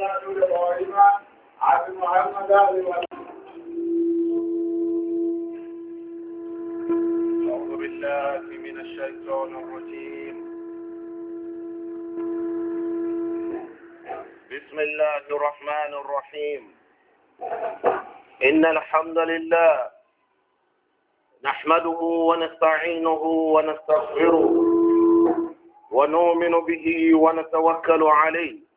أعوذ بالله من الشيطان الرجيم بسم الله الرحمن الرحيم إن الحمد لله نحمده ونستعينه ونستغفره ونؤمن به ونتوكل عليه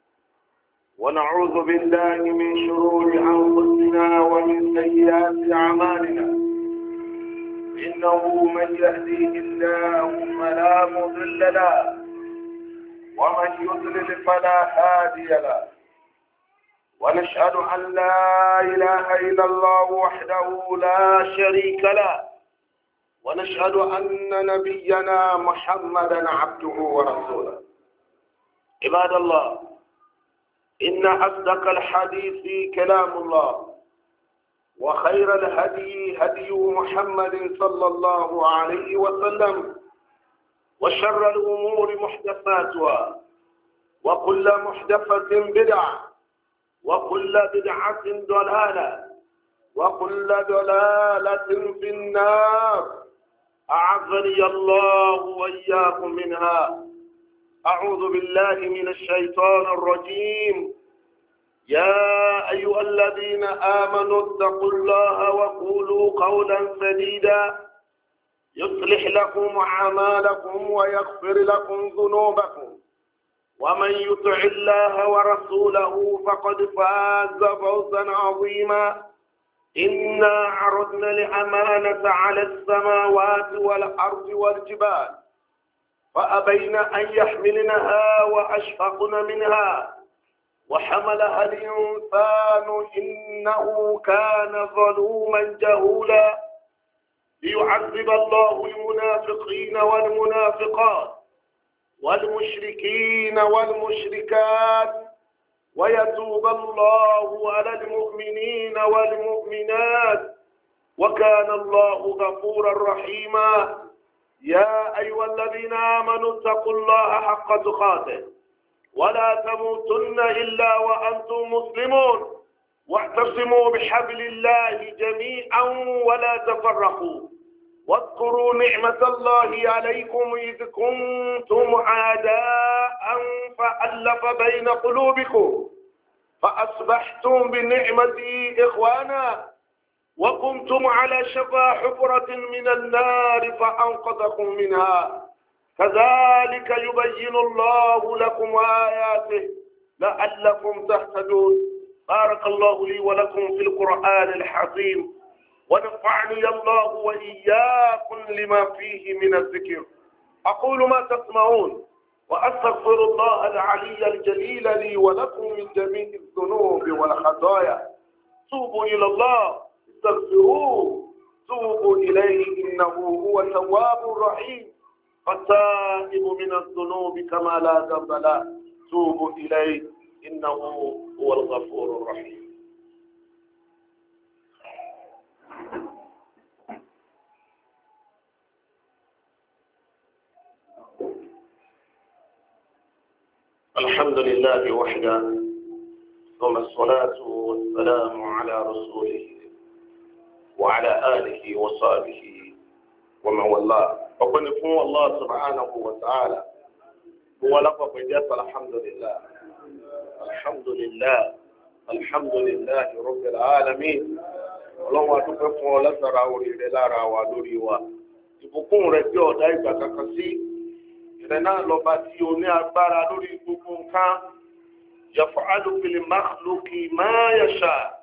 ونعوذ بالله من شرور أنفسنا ومن سيئات أعمالنا إنه من يهديه الله فلا مضل له ومن يضلل فلا هادي له ونشهد أن لا إله إلا الله وحده لا شريك له ونشهد أن نبينا محمدا عبده ورسوله عباد الله إن أصدق الحديث كلام الله وخير الهدي هدي محمد صلى الله عليه وسلم وشر الأمور محدثاتها وكل محدثة بدعة وكل بدعة ضلالة وكل ضلالة في النار أعظني الله وإياكم منها أعوذ بالله من الشيطان الرجيم يا أيها الذين آمنوا اتقوا الله وقولوا قولا سديدا يصلح لكم أعمالكم ويغفر لكم ذنوبكم ومن يطع الله ورسوله فقد فاز فوزا عظيما إنا عرضنا الأمانة على السماوات والأرض والجبال فأبين أن يحملنها وأشفقن منها وحملها الإنسان إنه كان ظلوما جهولا ليعذب الله المنافقين والمنافقات والمشركين والمشركات ويتوب الله على المؤمنين والمؤمنات وكان الله غفورا رحيما يا أيها الذين آمنوا اتقوا الله حق تقاته ولا تموتن إلا وأنتم مسلمون واعتصموا بحبل الله جميعا ولا تفرقوا واذكروا نعمة الله عليكم إذ كنتم عداء فألف بين قلوبكم فأصبحتم بنعمتي إخوانا وقمتم على شفا حفرة من النار فأنقذكم منها كذلك يبين الله لكم آياته لعلكم تهتدون بارك الله لي ولكم في القرآن الحكيم ونفعني الله وإياكم لما فيه من الذكر أقول ما تسمعون وأستغفر الله العلي الجليل لي ولكم من جميع الذنوب والخطايا توبوا إلى الله استغفروه توبوا إليه إنه هو التواب الرحيم التائب من الذنوب كما لا ذنب له توبوا إليه إنه هو الغفور الرحيم الحمد لله وحده ثم الصلاة والسلام على رسوله وعلى آله وصحبه ومن والاه ọ̀pẹ́ni fún Allah subhanahu wa ta'ala wọ́n lápapọ̀ jẹ́ alhamdulillah alhamdulillah alhamdulillah rabbil alamin ọlọ́wọ́ adúpẹ́ fún ọ látara orí rẹ lára wa lórí wa ìbùkún rẹ bí ọ̀dá ìgbà kankan sí ìrẹ náà lọ́ba tí o ní agbára lórí gbogbo nǹkan yaf'alu fil makhluqi ma yasha'.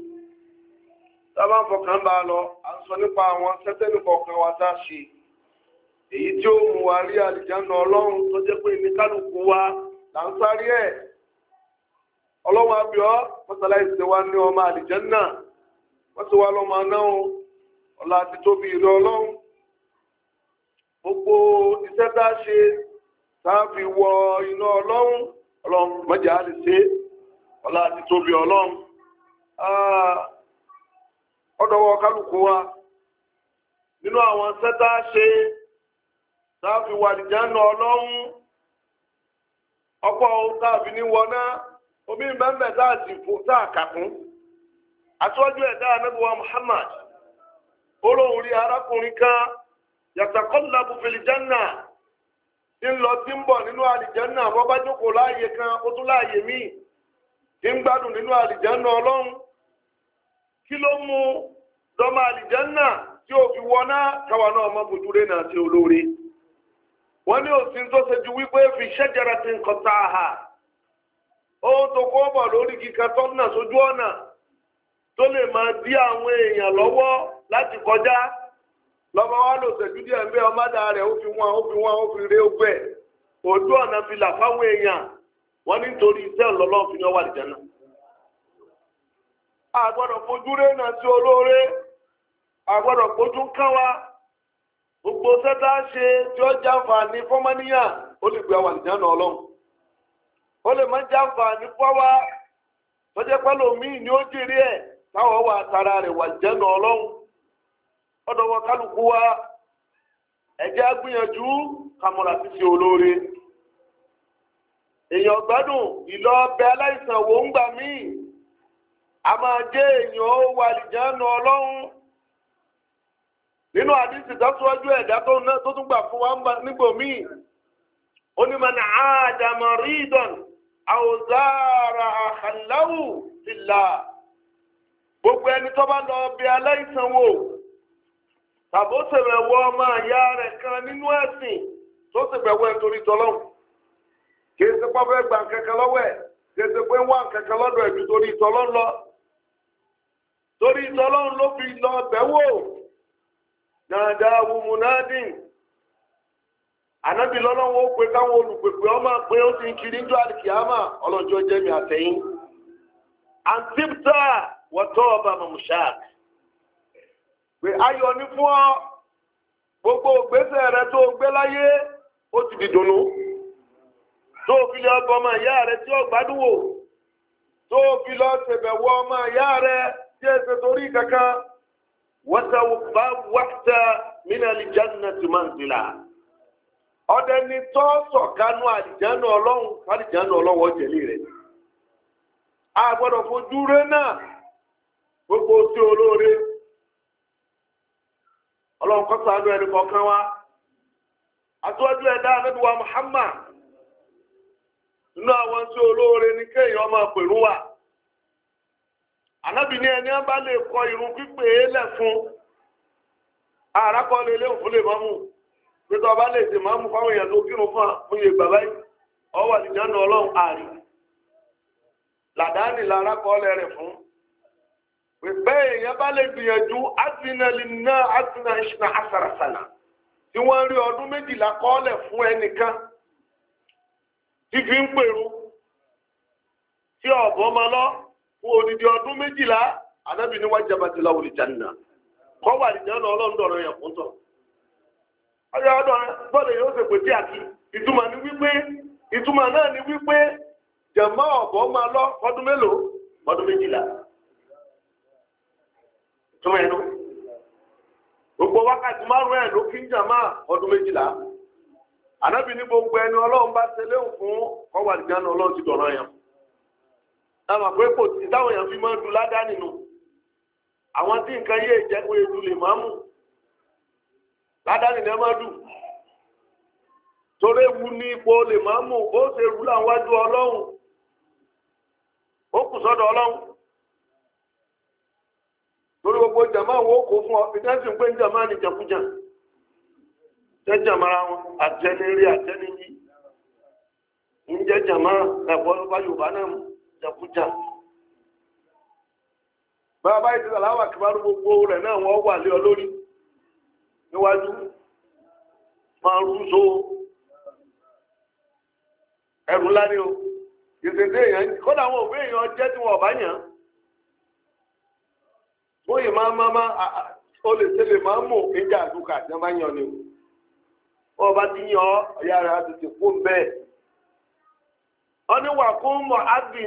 tábà ń fọkàn bá lọ à ń sọ nípa àwọn sẹ́tẹ́nì kọ̀ọ̀kan wa tá a ṣe èyí tí ó mú wa rí àlìjáná ọlọ́run tó jẹ́ pé ní kálukú wa là ń sáré ẹ̀ ọlọ́run abiọ́ mọ́sálásí wa ní ọmọ àlìjáná wọ́n ti wá lọ́mọ náà ọ̀la àti tóbi ìrẹ́ ọlọ́run gbogbo iṣẹ́ tá a ṣe tá a fi wọ iná ọlọ́run ọlọ́run mọ́jà á ọ̀la àti tóbi ọlọ́run. Ah, ọ̀dọ̀wọ̀ kálukú wa nínú àwọn sẹ́tà ṣe táàfi wàdìjà ń lọ ọlọ́run ọ̀pọ̀ táàfi ní wọná omi ìbẹ́ńbẹ́ táàtì fò táàkàkún aṣọ́jú ẹ̀dá anábíwá Muhammad olóhùn rí arákùnrin kan yàtàkọ́lá bufilijanna ń lọ tí ń bọ̀ nínú àlìjánà bọ́ jókòó láàyè kan ó tún láàyè míì ń gbádùn nínú àlìjánà ọlọ́run. kí ló mú lọ́mọ àlìjánà tí ó fi wọná káwa náà mọ́ náà ti olóore wọ́n ní tó ṣe ju wípé fi ṣẹ́jára ti ń kọta àhà ó tó kọ́ bọ̀ lórí kíkà tọ́nà sójú ọ̀nà tó lè máa dí àwọn èèyàn lọ́wọ́ láti kọjá lọ́mọ wa lò ṣẹ́jú díẹ̀ ń bẹ́ ọmọdé rẹ̀ ó fi ó wọn ó fi ré ogbẹ́ àgbọ̀dọ̀ fojú rénà sí olóore àgbọ̀dọ̀ fojú kánwa gbogbo sẹ́tà ṣe tí ó jàǹfààní fọ́mọ́níyà ó lè gbé àwọn ọlọ́run ó lè má jàǹfààní fọ́wá tọ́jẹ́ pẹ́lú míì ni ó jèrè ẹ̀ táwọn wà tara rẹ̀ wà jẹ́nà ọlọ́run ọ̀dọ̀ wọn kálukú wa ẹ̀jẹ̀ kàmọ́ra olóore èèyàn gbádùn ìlọ aláìsàn a máa jẹ́ èèyàn ó wà lìjánu ọlọ́run nínú àdísì dátúwájú ẹ̀dá tó tún gbà fún wa nígbò míì ó ní mọ̀nà àdàmọ̀ rídọ̀n àwòzára àhàláwù lílà gbogbo ẹni tó bá lọ bí aláìsàn wò tàbó ṣèbẹ̀wò ọmọ ìyá rẹ̀ kan nínú ẹ̀sìn tó ṣèbẹ̀wò ẹ̀ torí tọ́lọ́hùn kì í ṣe pọ́fẹ́ gbà kankan lọ́wọ́ ẹ̀ kì wà kankan lọ́dọ̀ torí lọ torí tọ́lọ́run ló fi lọ bẹ̀wò dáadáa wùmùnádìn ànábì lọ́lọ́wọ́ ó pe káwọn olùpèpè ọmọ pé ó ti ń kiri ní àlìkìyàmà ọlọ́jọ́ mi àtẹ̀yìn àǹtíptà wọ́tọ́ ọba mọ̀mùsáàk pé ayọ̀ ní fún ọ gbogbo ògbésẹ̀ rẹ tó gbé láyé ó ti dìdùnnú tó fi lọ bọ ọmọ ìyá rẹ tí ó gbádùn wò tó fi lọ ṣèbẹ̀wò ọmọ ìyá rẹ tí ẹ torí kankan wata bá wákìtà ti máa ọdẹ ni tọ́ sọ̀kánú àlìjáná ọlọ́run àlìjáná ọlọ́wọ́ a gbọ́dọ̀ fojú rẹ̀ náà gbogbo tí olóore ọlọ́run kọ́ sàánú ẹni kọ̀ọ̀kan wa àtúwájú ẹ̀dá anábìwá Muhammad nínú àwọn tí olóore ní kéèyàn máa pèrú wa. ànábì ní ẹni bá lè kọ irun pípé lẹ̀ fún àràkọ́ lè léwu fún lè mọ́mù pété ọba lè dè mọ́mù fáwọn èèyàn tó kírun fún àmúyẹ bàbá yìí ọwọ́ àdìjánu ọlọ́run àrí làdáni làràkọ́ lẹ̀ rẹ̀ fún bẹ́ẹ̀ èèyàn bá lè gbìyànjú asinali náà asina ìṣúná asarasana tí wọ́n rí ọdún méjìlá kọ́ọ̀lẹ̀ fún ẹnìkan tí fi ń pèrò tí ọ̀bọ máa lọ odidi ọdún méjìlá anábì ní wájú abatí láwùlì jàǹdà kọ́ wà nìyẹn lọ ọlọ́ndọ̀rọ̀ yẹn fún tọ̀. ọyọ ọdọ bọ́ọ̀lù yóò ṣe pèsè àti ni wípé náà ni wípé máa lọ ọdún mélòó ọdún méjìlá. gbogbo wákàtí márùn ló kí ń àmọ́ pé kò sí táwọn èèyàn fi máa ń du ládàá nínú àwọn tí nǹkan yé ìjẹ́ pé edu lè máa mú ládàá nínú ẹ máa dù torí ewu ní ipò lè máa mú bó ṣe rú làwọn wájú ọlọ́run ó kù sọ́dọ̀ ọlọ́run torí gbogbo jàmá wo kò fún ọ ìdájọ́ ń pè ń jàmá ní jẹkújà jẹjàmá wọn àtẹnirí àtẹniyí ń jẹjàmá ẹ̀fọ́ yorùbá náà mú. jàkújà bàbá ìdílé aláwà kìbárú gbogbo rẹ náà wọ́n wà lé ọ lórí níwájú máa rú so ẹrù ńlá ni o ìṣèṣe èèyàn kódà àwọn òbí èèyàn jẹ́ tí wọn ọ̀bá yàn máa ma máa o lè ṣe lè máa mú ìjà àdúgbò àti ni o bá ti yàn ọ ọni wà ụmụ mọ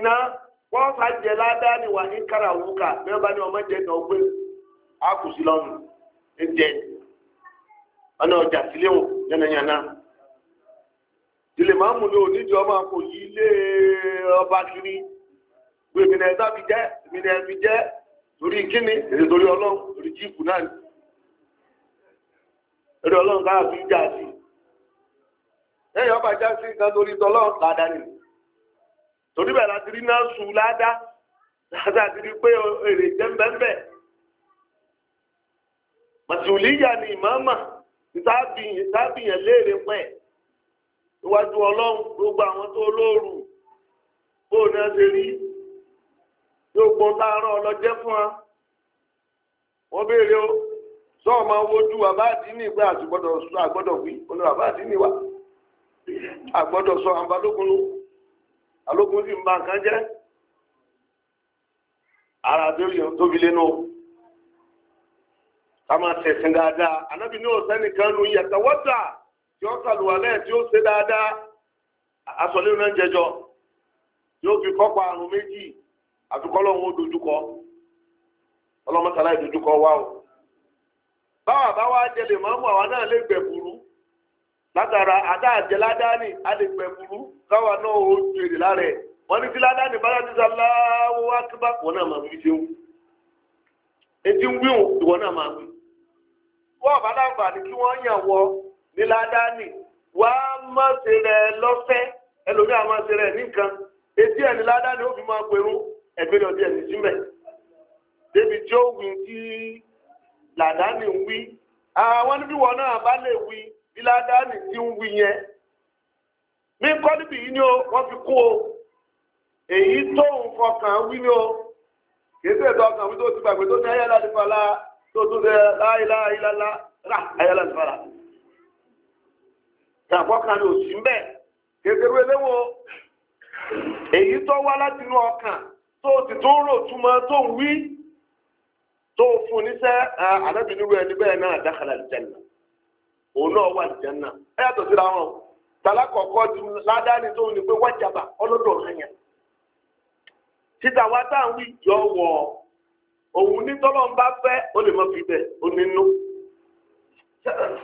na wọn fà jẹ ládàá ni wà ní kàràwùkà bí wọn bá ní ọmọ jẹ náà gbé àkùsí lọnà ya na. ọ̀nà ọjà sílé wọn yánnayànna ọba kiri torí èdè torí torí náà èdè káà fi ọba sí ládàá nìyí. torí bẹ́ẹ̀ láti rí náà sùn ládá láti rí pé èrè jẹ́ mbẹ́mbẹ́ màtìwìlíyà ni ìmáàmà ìtàbíyàn léèrè pẹ́ iwájú ọlọ́run gbogbo àwọn tó lóoru bóun náà ṣe rí yóò gbọ́ sáárọ̀ ọlọ́jẹ́ fún wa wọ́n béèrè o sọ́ọ̀ máa wojú bàbá àdínì pé àtúgbọ́dọ̀ sọ àgbọ́dọ̀ wí olùbàbá àdínì wa àgbọ́dọ̀ sọ àǹbálógún lóko. alógun sì ń ba nǹkan jẹ́ ara tóbi lẹ́nu ká máa tẹ̀sìn dáadáa anábì ní òsẹ́nìkan lu yàtọ̀wọ́tà tí ó sàlùwàlẹ̀ tí ó ṣe dáadáa asọ̀lẹ́rù náà jẹjọ yóò fi kọ́pa àrùn méjì àfikọ́lọ́hún ó dojúkọ ọlọ́mọsàlá ìdojúkọ wá o báwa jẹ lè máa mú àwa náà látara adáàjẹ ládàáni àdìgbẹ burú káwa náà ó jèrè lára ẹ wọn ní tí ládàáni bá yàtí sàláwó wá kíbá wọn náà máa fi ṣeun etí ń wíwò ìwọ náà máa wí. wọ́n bá láǹfà ní kí wọ́n yàn wọ ní ládàáni wá má ṣe rẹ lọ́fẹ́ ẹlòmíà má ṣe rẹ nìkan etí ẹ̀ ní ládàáni ó fi máa pẹ̀rú ẹ̀gbẹ́ lọ́dí ẹ̀ ní símẹ̀. débi tí ó wí tí làdáni wí àwọn níbí wọn náà bá lè wí bíládánì tí ń wí yẹn mí kọ́ níbi yìí ni ó wọ́n fi kú o èyí tó ń fọkàn wí ni ó kìí ṣe ètò ọkàn wí tó ti gbàgbé tó ní ayélujára ti fara tó tún ṣe láìláìláìlá rà ayélujára ti fara ìtàkọ́kàn ni òsì ń bẹ̀ kékeré léwo èyí tó wá láti inú ọkàn tó ti tó rò túmọ̀ tó ń wí tó fún níṣẹ́ àdábìnrin rẹ̀ níbẹ̀ náà dákàlà ìjẹ̀lẹ̀. òun náà wà ní jẹ́nà ẹ yàtọ̀ síra wọn tàlákọ̀ọ́kọ́ ti ládáni tó ní pé wájàbà ọlọ́dọ̀ ọ̀hányà títa wá tá à ń wí yọ o òun ní mọ fi bẹ̀ ó nínú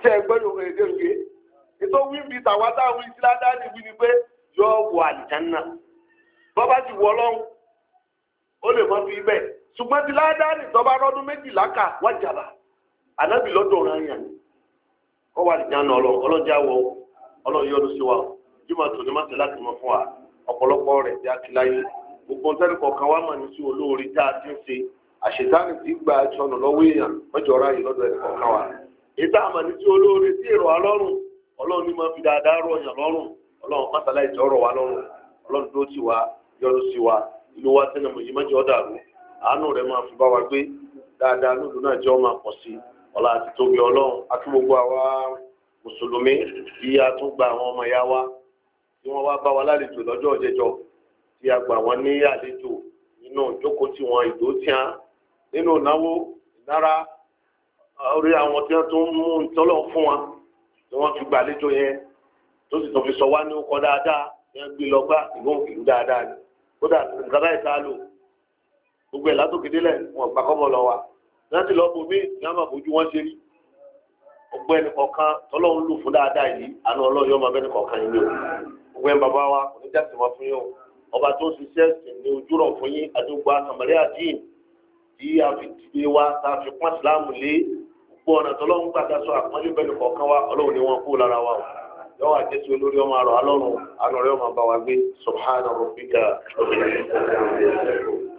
ṣe ẹgbẹ́ yòókè ètò wí tá à ń wí sí fi ṣùgbọ́n ti rọ́dún méjìlá kà wájàbà kọ́ wà nìyá nà ọlọ́ ọlọ́jà wọ ọlọ́yọ́ ló sí wa tó ní màtí láti gbogbo ntẹ́ni kọ̀ọ̀kan wà ní sí olóore tá a ti ń ṣe ti gba lọ́wọ́ èèyàn mẹ́jọ lọ́dọ̀ wa ètò àmà ní sí olóore sí ọlọ́run ní máa fi dáadáa lọ́rùn ọlọ́run ìjọ rọ̀ wá lọ́rùn ọlọ́run tó ti wá yọrù sí wa ìlú wa tẹ́lẹ̀ mọ̀ yìí mẹ́jọ ọlá àti tóbi ọlọ́run àti gbogbo àwa mùsùlùmí tí a tún gba àwọn ọmọ ìyá wa tí wọ́n wá bá wa lálejò lọ́jọ́ òjẹjọ tí a gbà wọ́n ní àlejò nínú ìjókòó tí wọ́n ìdó tíán nínú ìnáwó ìnára orí àwọn tí wọ́n tún mú ìtọ́lọ̀ fún wa tí wọ́n fi gbàlejò yẹn tó sì tún fi sọ wá ní ọkọ̀ dáadáa yẹn gbé lọ bá ìlú ìlú dáadáa ni kódà nǹkan báyìí tá lò gbogbo ẹ̀ látòkèdélẹ̀ wọn gbàkọ́bọ̀ lọ wa láti lọ bomi ìyáàmà fojú wọn ṣe rí ọgbẹ́ ẹnìkọ̀ọ̀kan tọ́lọ́run lù fún dáadáa yìí àná ọlọ́yọ́ ọmọ abẹ́ ẹnìkọ̀ọ̀kan yìí ni o ọgbẹ́ bàbá wa kò ní jáde wọn fún yín o ọba tó ń ṣiṣẹ́ sìn ní ojúrọ̀ fún yín àdúgbò àtàmọ́lẹ́ àdín tí a fi dìde wa tá a fi pọ́n síláàmù lé gbogbo ọ̀nà tọ́lọ́run gbàgbà sọ àpọ́nlé bẹ́ẹ̀ kọ̀ọ̀kan wa ọlọ́run ni wọ́n kú lára wa o yọ̀wọ́ àjẹsí olórí ọmọ àrọ̀ alọ́run àná rẹ̀ ọmọ bá wa gbé subhanahu rabbika